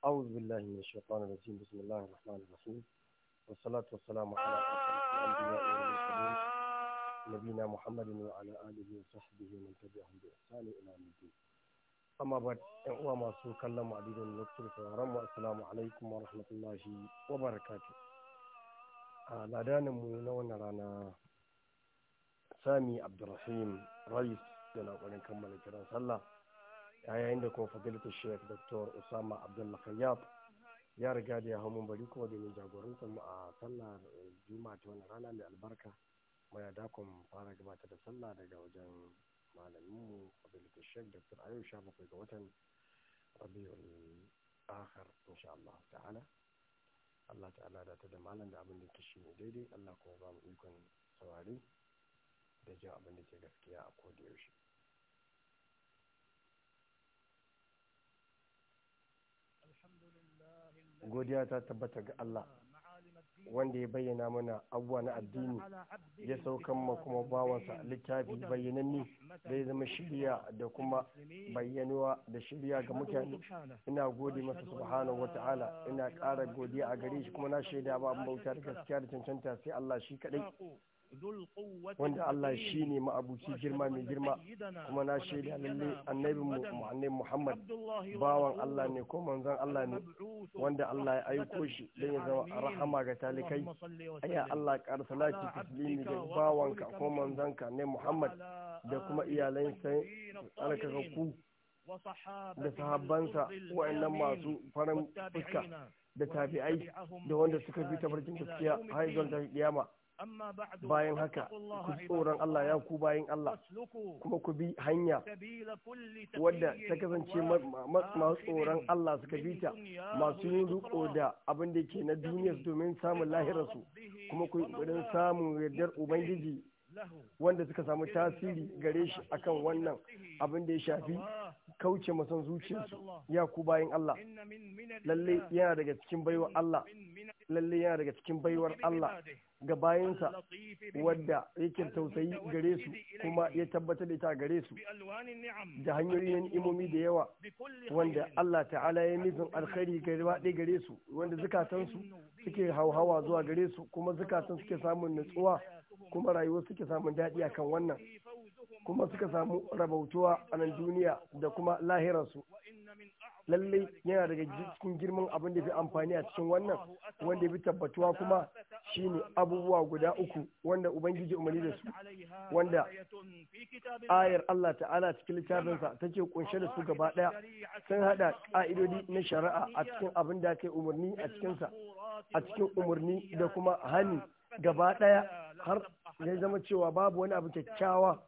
أعوذ بالله من الشيطان الرجيم بسم الله الرحمن الرحيم والصلاة والسلام على أشرف الأنبياء والمرسلين نبينا محمد وعلى آله وصحبه ومن تبعهم بإحسان إلى يوم الدين أما بعد إن هو ما سوى كلام عديد من الدكتور السلام عليكم ورحمة الله وبركاته ladanmu na wannan rana sami abdurrahim rais yana ƙoƙarin kammala kiran sallah a yayin da kuma fadilatu sheik dr usama abdullakayyab khayyab ya riga da ya hau mun bari kuma domin jagorantar mu a sallar juma'a ta wani rana mai albarka maya dakon fara gabata da sallah daga wajen malamin mu fadilatu dr ayo sha bakwai ga watan rabiul akhar insha Allah ta'ala Allah ta'ala da ta da malam da abin da ke shi ne daidai Allah kuma ba mu ikon saurari da jin abin da ke gaskiya a koda yaushe godiya ta tabbata ga Allah wanda ya bayyana mana abuwa na addini ya saukan ma kuma bawansa littafi bayyananni da ya zama shirya da kuma bayyanuwa da shirya ga mutane ina gode masa subhanahu wata'ala ina ƙara godiya a gare shi kuma na shaida ba an bauta da gaskiya da cancanta sai Allah shi kaɗai wanda Allah shi ne ma'abuci girma mai girma kuma na shaida lalle annabi annabi Muhammad bawan Allah ne ko manzon Allah ne wanda Allah ya aiko shi don ya zama rahama ga talikai aya Allah ƙara salati taslimi ga bawanka ko manzonka ne Muhammad da kuma iyalansa alkakaku da sahabbansa wa'annan masu farin fuska da tabi'ai da wanda suka bi tafarkin gaskiya har zuwa kiyama bayan haka ku tsoron Allah ya ku bayan Allah kuma ku bi hanya wadda ta kasance masu tsoron Allah suka bi ta masu yin riko da abin da ke na duniya domin samun lahirarsu kuma ku yi samun yardar ubangiji wanda suka samu tasiri gare shi akan wannan abin da ya shafi kauce masan zuciyarsu ya ku bayan Allah lalle yana daga cikin baiwar Allah lalle yana daga cikin baiwar Allah ga bayansa wadda yake tausayi gare su kuma ya tabbatar da ita gare su da hanyoyin imomi da yawa wanda Allah ta'ala ya nufin alkhairi gare gare su wanda zukatansu suke hauhawa zuwa gare su kuma zukatan suke samun nutsuwa kuma rayuwar suke samun daɗi akan wannan kuma suka samu rabautuwa a nan duniya da kuma lahirarsu lallai yana daga cikin girman abin da fi amfani a cikin wannan wanda bi tabbatuwa kuma shine abubuwa guda uku wanda ubangiji umarni da su wanda ayar Allah ta'ala cikin littafinsa take kunshe da su gaba daya sun hada ka'idodi na shari'a a cikin abin da kai umarni a cikinsa a cikin umarni da kuma hani gaba daya har ya zama cewa babu wani abu kyakkyawa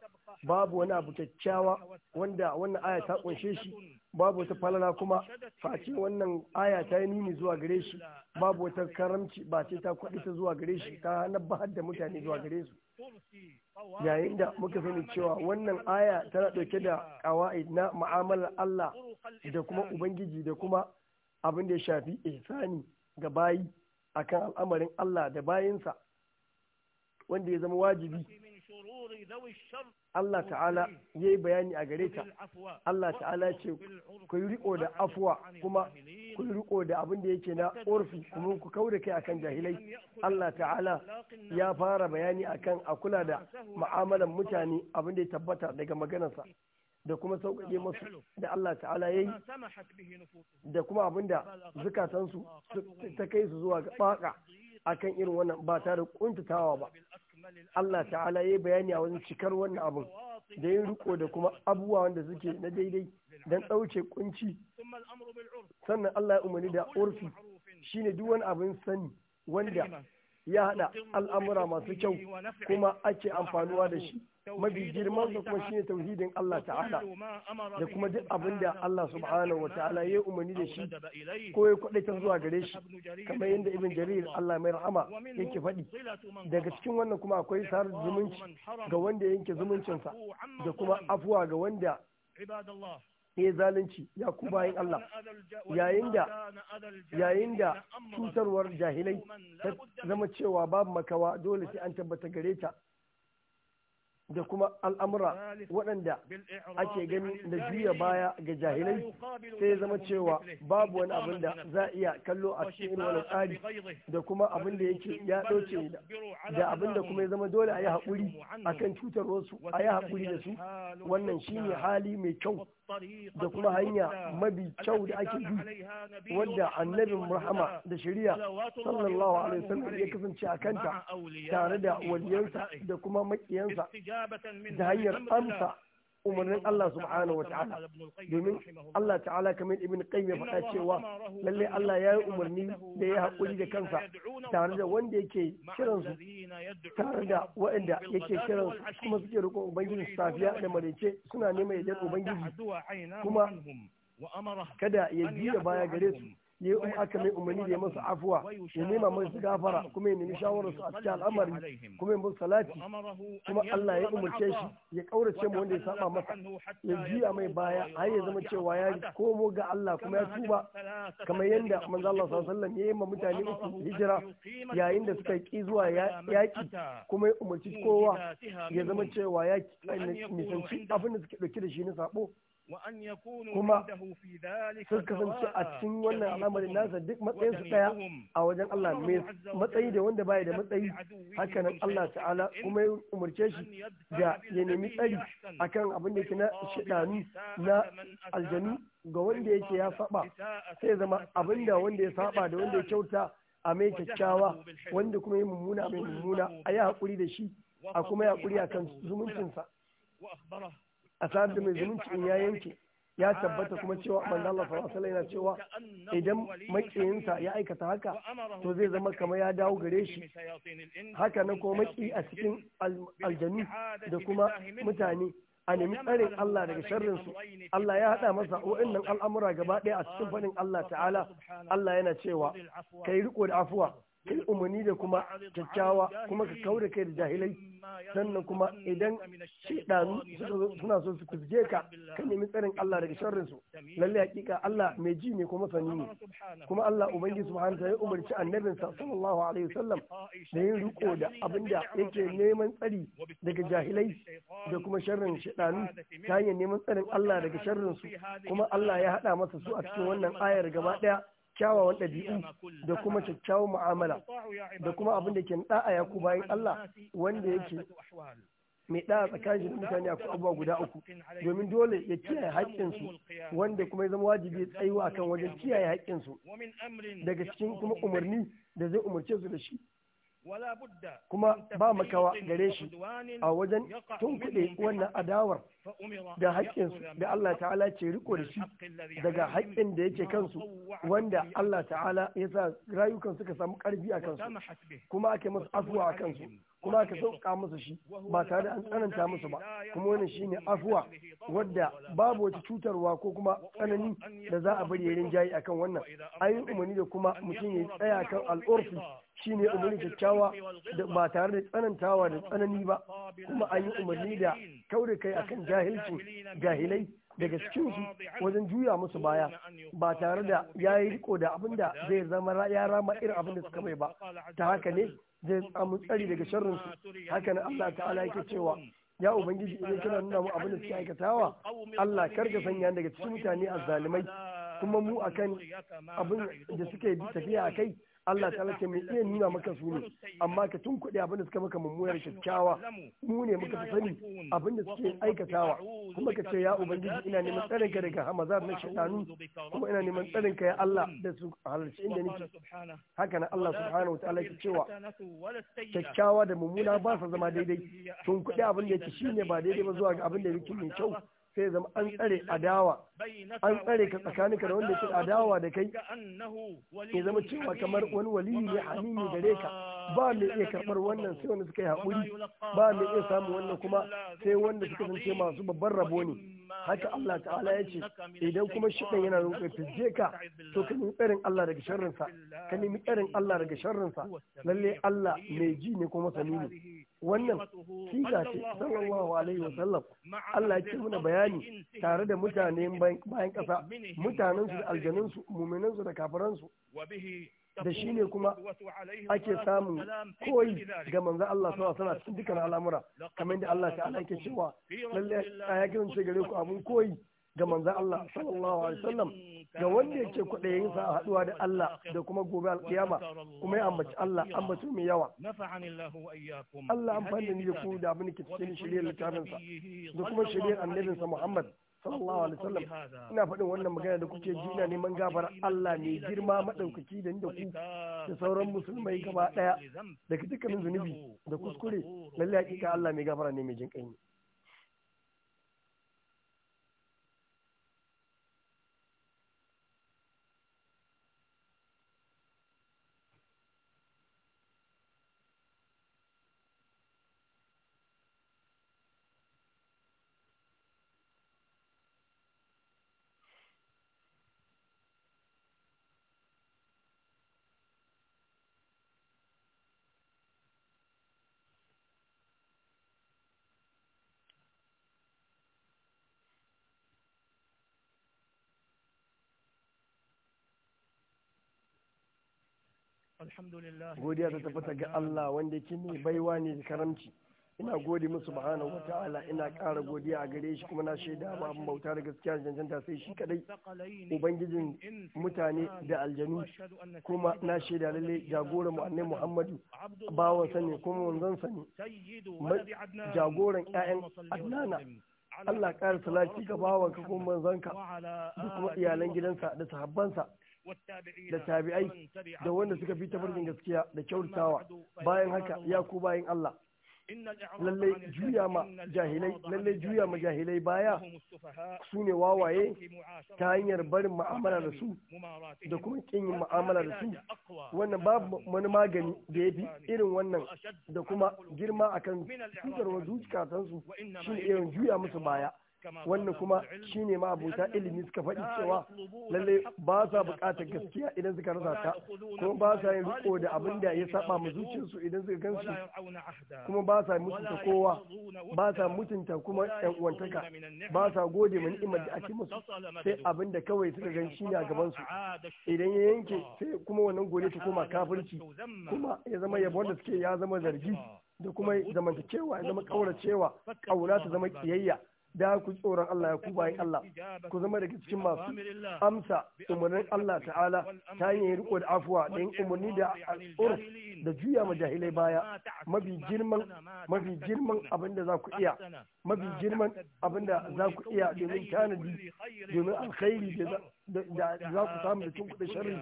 babu wani abu kyakkyawa wanda wannan aya ta kunshe shi babu wata falala kuma face wannan aya ta yi nuni zuwa gare shi babu wata karamci ba ce ta kwaɗi ta zuwa gare shi ta nabbahar da mutane zuwa gare su yayin da muka sani cewa wannan aya tana ɗauke da ƙawa'id na ma'amalar Allah da kuma Ubangiji da kuma abin da ya shafi ihsani ga bayi akan al'amarin Allah da bayinsa wanda ya zama wajibi Allah ta'ala ya yi bayani a gare ta Allah ta'ala ce ku yi riko da afuwa kuma ku yi riko da abin da yake na orfi kuma ku kauda da kai akan jahilai Allah ta'ala ya fara bayani akan a kula da ma'amalan mutane abin da ya tabbata daga maganarsa da kuma sauƙaƙe masu da Allah ta'ala ya yi da kuma abin da zukatansu ta kai su zuwa ga baka akan irin wannan ba tare kuntatawa ba Allah ta'ala ya bayani a wani cikar wannan abin da yin riko da kuma abubuwa wanda suke na daidai don ɗauke kunci sannan Allah ya umarni da urfi shine duk wani abin sani wanda ya haɗa al'amura masu kyau kuma ake amfanuwa da shi mafi girman sa kuma shine tauhidin Allah ta'ala da kuma duk abin da Allah subhanahu wa ta'ala ya umarni da shi ko ya kwadaita zuwa gare shi kamar yadda ibn jarir Allah mai rahama yake faɗi daga cikin wannan kuma akwai sar zumunci ga wanda yanke zumuncinsa da kuma afuwa ga wanda ne zalunci ya ku bayan Allah yayin da yayin da cutarwar jahilai ta zama cewa babu makawa dole sai an tabbata gare ta da kuma al'amura waɗanda ake gani da juya baya ga jahilai sai ya zama cewa babu wani abin da za a iya kallo a cikin wani tsari da kuma abin da yake ya ɗauce da abin da kuma ya zama dole a yi haƙuri a kan cutar wasu a yi haƙuri da su wannan shine hali mai kyau da kuma hanya mabi kyau da ake bi wadda annabin rahama da shari'a sallallahu alaihi wasallam ya kasance a kanta tare da waliyansa da kuma makiyansa da hanyar amsa umarnin Allah subhanahu wa ta'ala domin Allah ta'ala kamar ibn qayyim ya faɗa cewa lalle Allah ya yi umarni da ya haƙuri da kansa tare da wanda yake kiran su tare da waɗanda yake kiran su kuma suke roƙon ubangiji safiya da marece suna neman yadda ubangiji kuma kada ya jiya baya gare su ya yi aka mai umarni ya masa afuwa ya nema masu gafara kuma ya nemi shawararsu a cikin al'amari kuma ya musu salati kuma Allah ya umarce shi ya kaurace mu wanda ya saba masa ya jiya mai baya har ya zama cewa ya komo ga Allah kuma ya tuba kamar yadda manzo Allah sallallahu alaihi wasallam ya yi ma mutane uku hijira yayin da suka ki zuwa yaki kuma ya umarci kowa ya zama cewa ya nisanci abin da suke dauke da shi na sabo kuma sun kasance a cikin wannan al'amarin nasa duk matsayin su daya a wajen Allah mai matsayi da wanda baya da matsayi hakanan Allah ta'ala kuma ya umarce shi da ya nemi tsari akan abin da yake na shidanu na aljanu ga wanda yake ya saba sai zama abin da wanda ya saba da wanda ya kyauta a mai kyakkyawa wanda kuma ya mummuna mai mummuna a yi haƙuri da shi a kuma ya haƙuri akan zumuncinsa a sa'ad da mai zumuncin ya yanke ya tabbata kuma cewa manzo Allah sallallahu alaihi yana cewa idan makiyinsa ya aikata haka to zai zama kamar ya dawo gare shi haka na ko maki a cikin aljami da kuma mutane a nemi tsarin Allah daga sharrin su Allah ya haɗa masa wa'annan al'amura gaba ɗaya a cikin fadin Allah ta'ala Allah yana cewa kai riko da afuwa Kai umarni da kuma kyakkyawa kuma ka da kai da jahilai sannan kuma idan shaidanu suna so su kusge ka ka nemi tsarin Allah daga sharrin su lalle hakika Allah mai ji ne kuma sani ne kuma Allah ubangiji subhanahu ta'ala ya umarci annabin sa sallallahu alaihi wasallam da yin riko da abinda yake neman tsari daga jahilai da kuma sharrin shaidanu ta hanyar neman tsarin Allah daga sharrin su kuma Allah ya hada masa su a cikin wannan ayar gaba daya kyawawan ɗabi'u da kuma kyakkyawan mu'amala da kuma abin da ke da a yaku bayan Allah wanda yake mai da a tsakanin da mutane a abuwa guda uku domin dole ya kiyaye haƙƙinsu wanda kuma ya zama wajibi ya tsayuwa akan wajen kiyaye haƙƙinsu daga cikin kuma umarni da zai umarce su da shi kuma ba makawa gare shi a wajen tunkuɗe wannan adawar da haƙƙinsu da Allah ta'ala ce riko da shi daga haƙƙin da yake kansu wanda Allah ta'ala ya sa rayukan suka samu ƙarfi a kansu kuma ake masu afuwa a kansu kuma ka sauka musu shi ba tare da an tsananta musu ba kuma wannan shine afuwa wadda babu wata cutarwa ko kuma tsanani da za a bari yarin jayi akan wannan an yi umarni da kuma mutum ya tsaya kan al'urfi shine umarni kyakkyawa da ba tare da tsanantawa da tsanani ba kuma an yi umarni da kaure kai akan jahilcin jahilai daga cikinsu wajen juya musu baya ba tare da ya yi riko da abin da zai zama ya rama irin abin da suka mai ba ta haka ne zai samu tsari daga sharrin su haka nan Allah ta'ala yake cewa ya ubangiji idan kana nuna mu abin da suke aikatawa Allah kar ka sanya daga cikin mutane azzalumai kuma mu akan abin da suke tafiya kai? Allah ta ce mai iya nuna maka su ne amma ka tun kuɗi abin suka maka mummuyar kyakkyawa mu ne muka sani Abinda da suke aikatawa kuma ka ce ya ubangiji ina neman tsarin ka daga hamazar na shaitanu kuma ina neman tsarin ka ya Allah da su halarci inda nake haka na Allah subhanahu wataala ke cewa kyakkyawa da mummuna ba sa zama daidai tun kuɗi abin da yake ne ba daidai ba zuwa ga abin da yake mai kyau sai zama an tsare adawa an tsare ka tsakaninka da wanda ke adawa da kai ya zama cewa kamar wani waliyi ne amini gare ka ba mai iya karɓar wannan sai wanda suka yi haƙuri ba mai iya samun wannan kuma sai wanda suka zance masu babban rabo ne haka Allah ta'ala ya ce idan kuma shiɗan yana roƙe fizje ka to ka nemi tsarin Allah daga sharrinsa ka nemi tsarin Allah daga sharrinsa lalle Allah mai ji ne kuma sani ne wannan kika ce sallallahu alaihi wa sallam Allah ya ce muna bayani tare da mutane bayan bayan ƙasa mutanensu da aljanunsu muminansu da kafiransu da shi ne kuma ake samun koyi ga manzan Allah sawa sana cikin dukkan al'amura kamar da Allah ta'ala yake cewa lalle a ya kiran gare ku abun koyi ga manzan Allah sallallahu alaihi wasallam ga wanda yake kwaɗayin sa haɗuwa da Allah da kuma gobe alƙiyama kuma ya ambaci Allah ambaci mai yawa Allah amfani da ni da ku da abin da ke cikin shirye littafinsa da kuma shirye annabinsa Muhammad sallallahu alaihi wasallam ina faɗin wannan magana da kuke ji ina neman gafar Allah mai girma madaukaki da da ku da sauran musulmai gaba daya daga dukkanin zunubi da kuskure lalle hakika Allah mai gafara ne mai jin kai godiya ta tafata ga Allah wanda ke mai baiwa ne da karamci ina gode musu subhanahu ala ina kara godiya a gare shi kuma na shaida ba abin bauta da gaskiya cancanta sai shi kadai ubangijin mutane da aljanu kuma na shaida lalle jagoran annabi Muhammadu bawansa ne kuma wanzan sani jagoran ƴaƴan Adnana Allah ƙara salati ga bawanka kuma manzanka da kuma iyalan gidansa da sahabbansa da tabi'ai da wanda suka fi tafarkin gaskiya da kyautawa bayan haka ya ku bayan Allah lalle juya ma jahilai lalle juya ma jahilai baya su ne wawaye ta hanyar barin ma'amala da su da kuma kin yin ma'amala da su wannan babu wani magani da ya fi irin wannan da kuma girma akan cutarwa zuciyatan su shine irin juya musu baya wannan kuma shine ma abota ilimi suka faɗi cewa lalle ba sa buƙatar gaskiya idan suka rasa ta kuma ba sa yin riko da abin da ya saba mu zuciyarsu idan suka gansu kuma ba sa mutunta kowa ba sa mutunta kuma ƴan uwantaka ba sa gode ma ni'imar da ake musu sai abin da kawai suka gan shi ne a gaban su idan ya yanke sai kuma wannan gode ta koma kafirci kuma ya zama yabon da suke ya zama zargi da kuma zamantakewa ya zama ƙauracewa kaura ta zama kiyayya da ku tsoron Allah ya kuba bayi Allah ku zama daga cikin masu amsa umarnin Allah ta'ala ta yin riko da afuwa da yin umarni da al'urf da juya ma jahilai baya mafi girman mafi girman abin za ku iya mafi girman abin za ku iya domin tanadi domin alkhairi da za ku samu da cin kuɗin sharri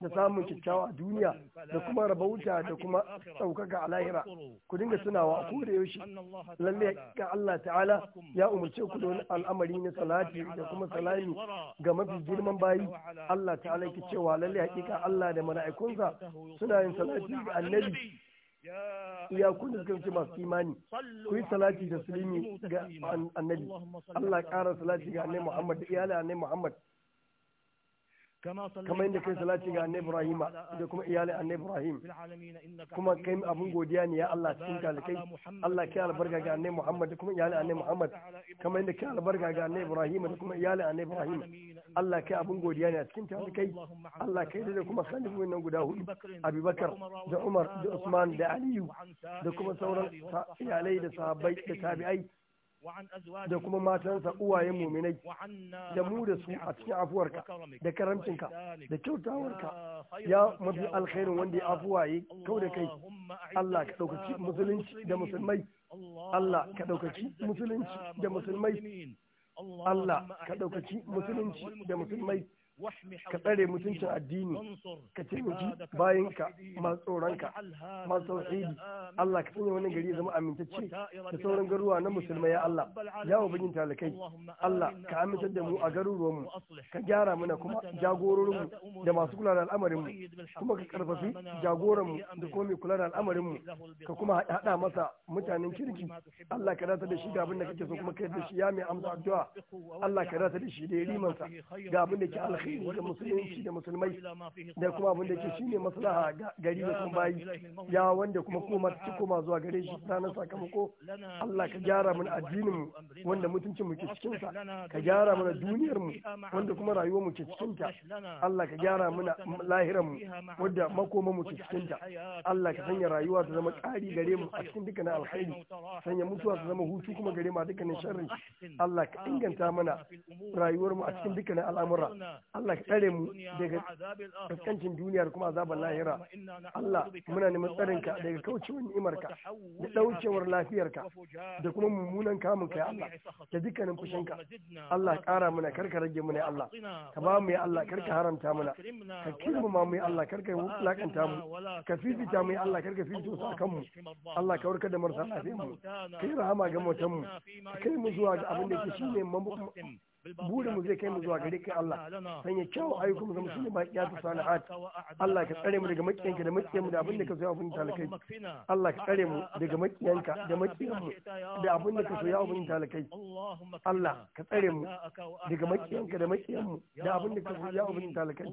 da samun kyakkyawa a duniya da kuma rabauta da kuma ɗaukaka a lahira ku dinga tunawa a koda yaushe lalle ga Allah ta'ala ya umarce ku da al'amari na salati da kuma salami ga mafi girman bayi Allah ta'ala ke cewa lalle hakika Allah da mala'ikunsa suna yin salati ga annabi ya kuna suka ce masu imani ku yi salati da sulimi ga annabi Allah ƙara salati ga annabi Muhammad da iyalin annabi Muhammad kama inda kai salati ga annabi Ibrahim da kuma iyalin annabi Ibrahim kuma kai abun godiya ne ya Allah cikin talikai Allah kai albarka ga annabi Muhammad da kuma iyalin annabi Muhammad kama inda kai albarka ga annabi Ibrahim da kuma iyalin annabi Ibrahim Allah kai abun godiya ne a cikin talikai Allah kai da kuma khalifin nan guda hudu Abubakar da Umar da Usman da Aliyu da kuma sauran iyalai da sahabbai da tabi'ai da kuma matansa uwayen muminai da mu da su a cikin afuwarka da karamcinka da kyautawarka ya mafi alkhairin wanda ya afuwaye kau da kai Allah ka ɗaukaci musulunci da musulmai Allah ka ɗaukaci musulunci da musulmai Allah ka ɗaukaci musulunci da musulmai ka tsare mutuncin addini ka taimaki bayanka masu tsoronka masu tauhidi Allah ka sanya wannan gari zama amintacce da sauran garuruwa na musulmai ya Allah ya ubangin talakai Allah ka amintar da mu a garuruwanmu ka gyara mana kuma jagororinmu da masu kula da al'amarinmu kuma ka karfafi jagoranmu da kuma mai kula da al'amarinmu ka kuma haɗa masa mutanen kirki Allah ka dace da shi ga abin da kake so kuma yi da shi ya mai amsa addu'a Allah ka dace da shi da rimansa ga abin da ke alkhairi ga musulunci da musulmai da kuma abin da ke shine maslaha gari da kuma bayi ya wanda kuma kuma su koma zuwa gare shi na sakamako Allah ka gyara mana addininmu wanda mutuncin mu ke cikin sa ka gyara mana duniyar mu wanda kuma rayuwar mu ke cikin ta Allah ka gyara mana lahiran mu wanda makoma mu ke cikin ta Allah ka sanya rayuwa ta zama ƙari gare mu a cikin dukkanin alkhairi sanya mutuwa ta zama hutu kuma gare mu a dukkanin sharri Allah ka inganta mana rayuwar mu a cikin dukkanin al'amura Allah ka tsare mu daga kaskancin duniyar kuma azabar lahira Allah muna neman tsarinka daga kaucewa ni'imarka da ɗaukewar lafiyarka da kuma mummunan kamun kai Allah da dukkanin fushinka Allah ƙara mana karka rage mana Allah ka ba mu ya Allah karka haramta mana ka ma mu ya Allah karka lakanta mu ka fifita mu ya Allah karka fifita su akan mu Allah ka warkar da marasa lafiyar mu yi rahama ga mutan mu kai mu zuwa ga abin da ke shine buɗe mu zai kai mu zuwa gare kai Allah sanya kyau ayyukan mu zama shine ya ta salihat Allah ka tsare mu daga makiyanka da makiyan mu da abin da ka soya abin talakai Allah ka tsare mu daga makiyanka da makiyan mu da abin da ka soya abin talakai Allah ka tsare mu daga makiyanka da makiyan mu da abin da ka soya abin talakai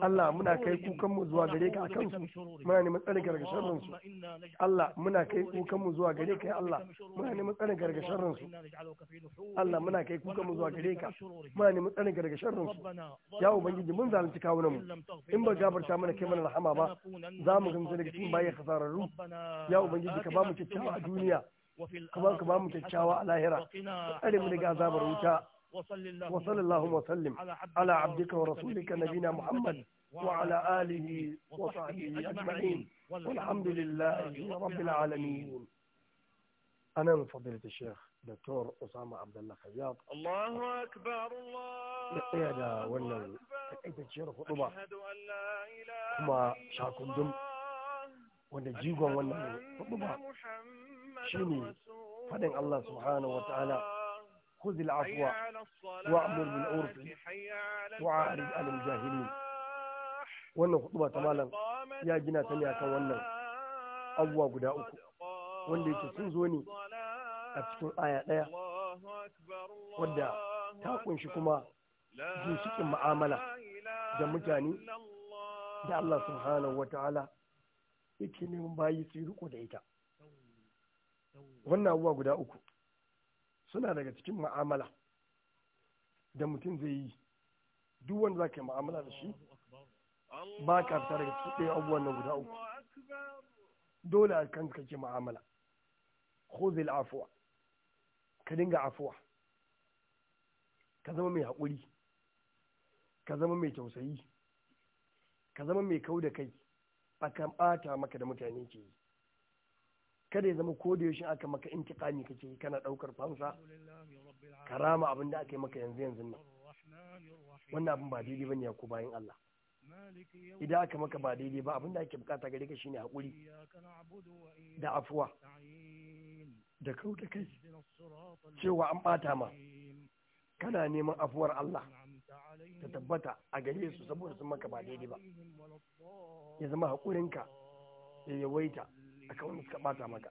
Allah muna kai kukan mu zuwa gare ka akan su muna neman tsarin ka daga sharrin su Allah muna kai kukan mu zuwa gare ka Allah muna neman tsarin ka daga sharrin su Allah muna kai kukan mu zuwa gare ka muna neman tsarin daga sharrin su ya ubangiji mun zalunci kawunan mu in ba gafarta mana kai mana rahama ba za mu gamsu daga cikin bayan hasararru ya ubangiji ka ba mu kyakkyawa a duniya kuma ka ba mu kyakkyawa a lahira tsare mu daga azabar wuta وصلى اللهم وسلم على عبدك ورسولك نبينا محمد وعلى آله وصحبه أجمعين والحمد لله رب العالمين أنا من فضيلة الشيخ دكتور أسامة عبد الله خياط الله أكبر الله إعدى ولا أنت تشير خطبة كما شاكم دم ولا جيغم ولا خطبة شيني فدن الله سبحانه وتعالى خذ العفو وأمر بالعرف وعارض عن الجاهلين wannan hudu ba ta malam ya gina ta ne akan wannan abubuwa guda uku wanda yake sun zo ne a cikin aya ɗaya wadda ta kunshi kuma ginshikin ma'amala da mutane da Allah subhanahu wa ta'ala yake neman bayi su yi riko da ita wannan abuwa guda uku suna daga cikin ma'amala da mutum zai yi duk wanda za ka yi ma'amala da shi ba ka fita daga cikin ɗaya abubuwan na guda uku dole a kan kake ma'amala khuzil afuwa ka dinga afuwa ka zama mai haƙuri ka zama mai tausayi ka zama mai kau da kai akan ɓata maka da mutane ke yi kada ya zama koda yaushe aka maka intiqami kake yi kana ɗaukar fansa karama abin da aka yi maka yanzu yanzu nan wannan abin ba daidai bane ya ku bayan Allah idan aka maka ba daidai ba abin da ake bukata gare ka shine haƙuri da afuwa da kau da kai cewa an bata ma kana neman afuwar Allah ta tabbata a gare su saboda sun maka ba daidai ba ya zama haƙurinka ya yawaita a kawai suka bata maka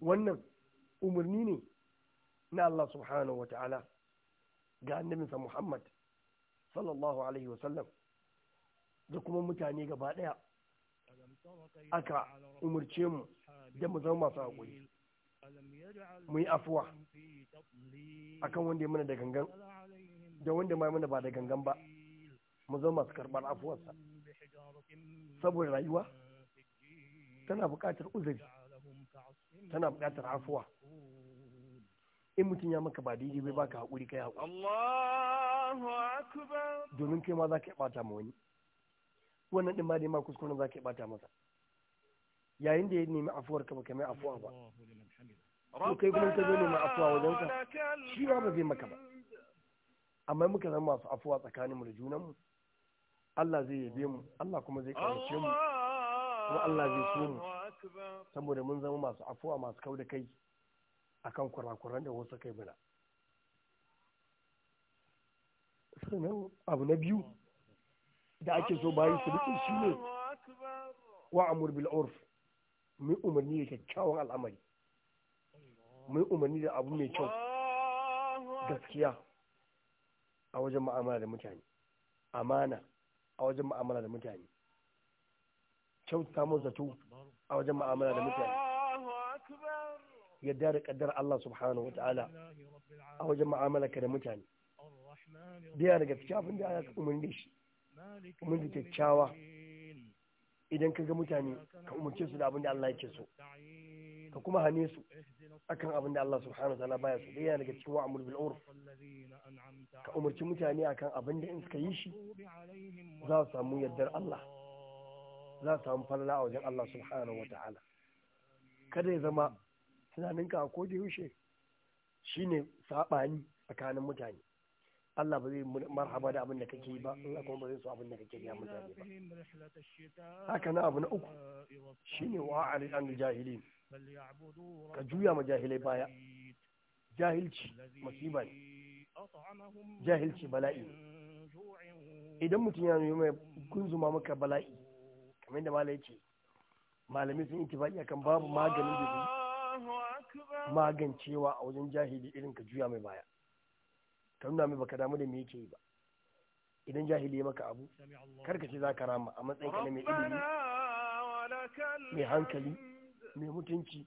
wannan umarni ne na Allah subhanahu wa ta'ala ga annabinsa Muhammad sallallahu alaihi wa sallam da kuma mutane gaba ɗaya aka umarce mu don mu zama masu haƙuri mu yi afuwa a kan wanda ya mana da gangan da wanda ma mana ba da gangan ba mu zama masu karɓar afuwarsa saboda rayuwa tana buƙatar uzuri tana buƙatar afuwa in mutum ya maka ba daidai bai baka haƙuri kai haƙuri domin kai ma za ka ɓata ma wani wannan ɗin ma dai ma kuskuren za ka ɓata masa yayin da ya nemi afuwar ka baka mai afuwa ba ko kai kuma ka zo nemi afuwa wajen ka shi ma ba zai maka ba amma muka zama masu afuwa tsakanin mu da junan mu Allah zai yabe mu Allah kuma zai kaunace mu kuma Allah zai so mu saboda mun zama masu afuwa masu kau da kai akan kurakuran da wasu kai bana sannan abu na biyu da ake so bayi su riƙe shi ne wa amur bil urf Mai umarni da kyakkyawan al'amari mai umarni da abu mai kyau gaskiya a wajen ma'amala da mutane amana a wajen ma'amala da mutane kyauta mu zato a wajen ma'amala da mutane yadda da kaddar Allah subhanahu wa ta'ala a wajen ma'amala ka da mutane biya da gaskiya abin da ana umarni da shi umarni da kyakkyawa idan ka ga mutane ka umarce su da abin da Allah yake so ka kuma hane su akan abin da Allah subhanahu wataala baya su da yana daga cikin wa'amul bil urf ka umarci mutane akan abin da in suka yi shi za su samu yardar Allah za su samu falala a wajen Allah subhanahu wataala kada ya zama tunaninka a da yaushe shine saɓani tsakanin mutane Allah ba zai marhaba da abin da kake yi ba Allah kuma ba zai so abin da kake ya mutane ba haka na abu na uku shine wa arid an jahilin ka juya ma jahilai baya jahilci masiba ne jahilci bala'i idan mutum ya nuna mai kunzuma maka bala'i kamar da malai ce malamai sun ittifaqi akan babu maganin da magancewa a wajen jahili irin ka juya mai baya ka nuna mai baka damu da me yake yi ba idan jahili ya maka abu karka ce za ka rama a matsayin ka na mai ilimi mai hankali mai mutunci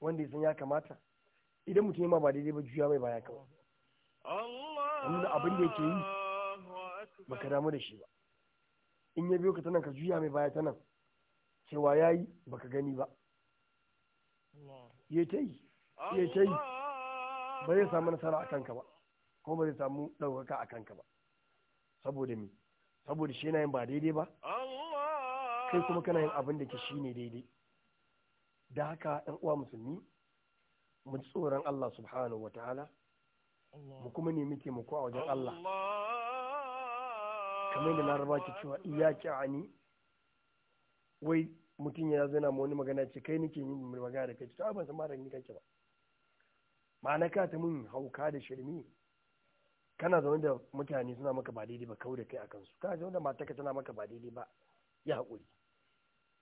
wanda ya san ya kamata idan mutum ya ma ba daidai ba juya mai baya kawai wanda abin da yake yi baka damu da shi ba in ya biyo ka tanan ka juya mai baya tanan cewa ya yi baka gani ba ya ta yi ya ta yi ba zai samu nasara a kanka ba kuma ba zai samu ɗaukaka a kanka ba saboda mi saboda shi yana yin ba daidai ba kai kuma kana yin abin da ke shi ne daidai da haka ɗan uwa musulmi mu ci tsoron Allah subhanahu wa ta'ala mu kuma nemi taimako a wajen Allah kamar da raba ki cewa iyaki ani wai mutum ya zana ma wani magana ce kai nake yin magana da kai ta ban san ma da ni kake ba ma'ana ka ta mun hauka da shirmi kana zaune da mutane suna maka ba daidai ba kawai da kai a su kana zaune da matarka tana maka ba daidai ba ya haƙuri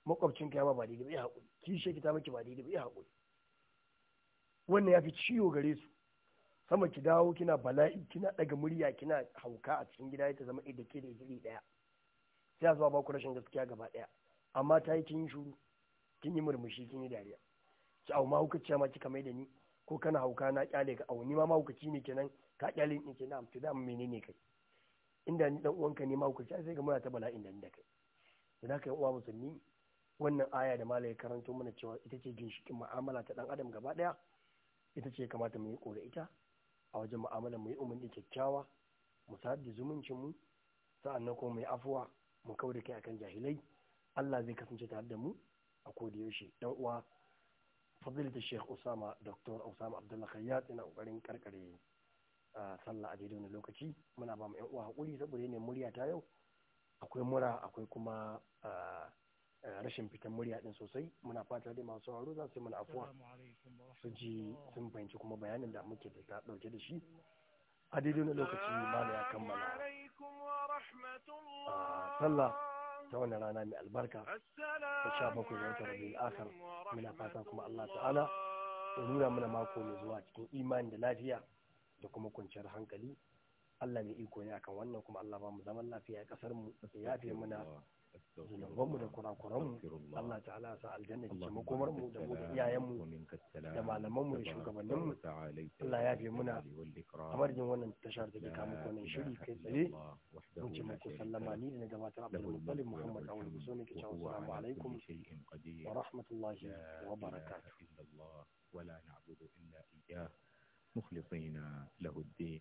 makwabcin ka ya ba daidai ba ya haƙuri kishe ki ta maki ba daidai ba ya haƙuri wannan ya fi ciwo gare su sama ki dawo kina bala'i kina daga murya kina hauka a cikin gida ta zama da ke da iri ɗaya sai a zuwa ba ku rashin gaskiya gaba ɗaya amma ta yi kin yi shuru kin yi murmushi kin yi dariya ki auma ma hukaciya ma kika mai da ni ko kana hauka na kyale ka auni ma ma hukaci ne kenan ka kyale in ce na'am to da menene kai inda ni dan uwanka ne ma hukunci sai ga muna ta bala'in da ni da kai to da kai uwa musulmi wannan aya da malai karanto mana cewa ita ce ginshikin mu'amala ta dan adam gaba daya ita ce kamata mu yi kore ita a wajen mu'amala mu yi umarni kyakkyawa mu sadar da zumuncin mu sa'annan kuma mu yi afuwa mu kauda kai akan jahilai Allah zai kasance tare da mu a koda yaushe dan uwa fadilta Sheikh Usama Dr. Usama Abdullah Khayyat ina kokarin karkare sallah a daidai wani lokaci muna ba mu yan uwa hakuri saboda ne murya ta yau akwai mura akwai kuma rashin fitan murya din sosai muna fata dai masu sauraro za su yi mana afuwa su ji sun fahimci kuma bayanin da muke da ta dauke da shi a daidai wani lokaci da ya kammala sallah ta wani rana mai albarka ta sha bakwai ga wata rabin akar muna fata kuma Allah ta'ala ya nuna mana mako mai zuwa cikin imani da lafiya da kuma kwanciyar hankali Allah mai iko ne akan wannan kuma Allah ba mu zaman lafiya a kasar mu ya fi muna zunuban mu da kurakuran mu Allah ta'ala sa aljanna da makomar mu da mu da iyayen mu da malaman mu da shugabannin mu Allah ya fi muna kamar jin wannan tashar da ke kama ko shiri kai tsaye mun ce muku sallama ni da na gabatar Abdul Muttalib Muhammad Awul Musulmi ke cewa assalamu alaikum wa rahmatullahi wa barakatuh ولا نعبد إلا إياه مخلصين له الدين